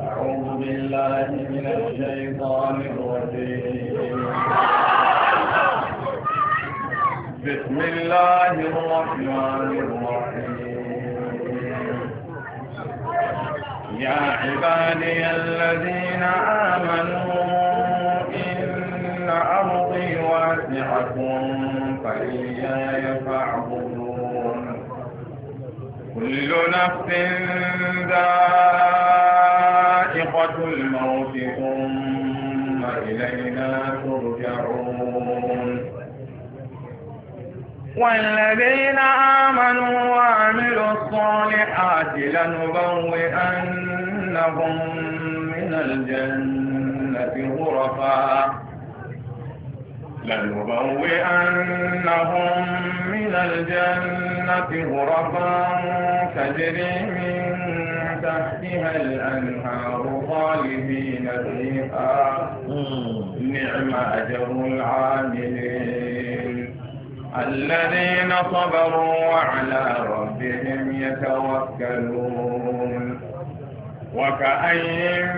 أعوذ بالله من الشيطان الرجيم بسم الله الرحمن الرحيم يا عبادي الذين آمنوا إن أرضي واسعة فإياي فاعبدون كل نفس ذات الموت ثم إلينا ترجعون والذين آمنوا وعملوا الصالحات لنبوئنهم لنبوئنهم من الجنة غرفا تجري من تحتها الأنهار خالدين فيها نعم أجر العاملين الذين صبروا وعلى ربهم يتوكلون وكأين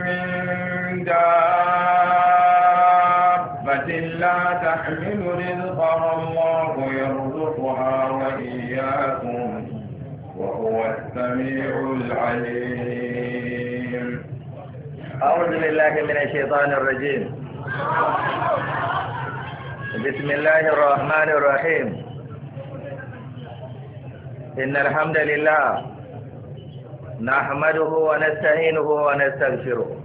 من دار لا تحمل رزقها الله يرزقها وإياكم وهو السميع العليم أعوذ بالله من الشيطان الرجيم بسم الله الرحمن الرحيم إن الحمد لله نحمده ونستعينه ونستغفره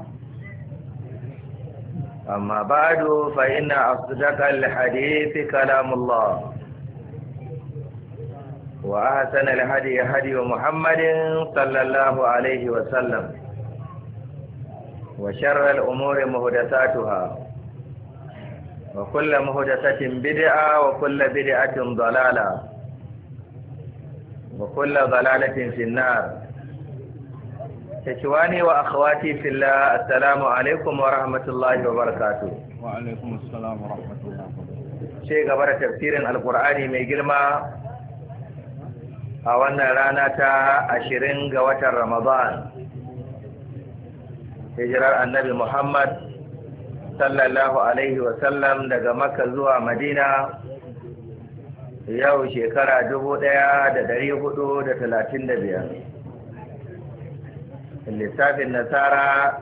أما بعد فإن أصدق الحديث كلام الله وأحسن الهدي هدي محمد صلى الله عليه وسلم وشر الأمور مهدساتها وكل مهدسة بدعة وكل بدعة ضلالة وكل ضلالة في النار Ikhwani wa akhawati fillah assalamu alaikum wa rahmatullahi wa barakatu Wa alaikum assalam wa rahmatullahi wa barakatuh. Ce gaba da tafsirin Alkur'ani mai girma a wannan rana ta ashirin ga watan Ramadan. Hijirar Annabi Muhammad sallallahu alaihi wa sallam daga Makka zuwa Madina yau shekara dubu ɗaya da ɗari hudu da talatin da biyar. lissafin nasara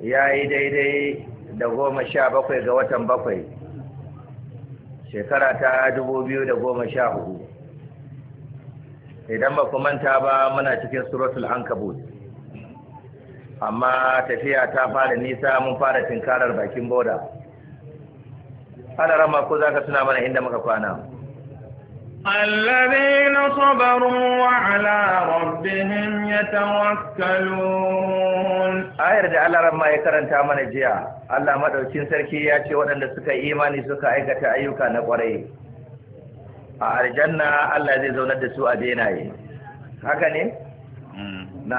ya yi daidai da goma sha bakwai ga watan bakwai shekara ta dubu biyu da goma sha hudu idan ba ku manta ba muna cikin suratul ankabut amma tafiya ta fara nisa mun fara tinkarar bakin boda ana rama ko za ka tuna mana inda muka kwana الذين صبروا وعلى ربهم يتوكلون ayar da Allah ramma ya karanta mana jiya Allah madaukin sarki ya ce waɗanda suka yi imani suka aikata ayyuka na ƙwarai a aljanna Allah zai zaunar da su a benaye haka ne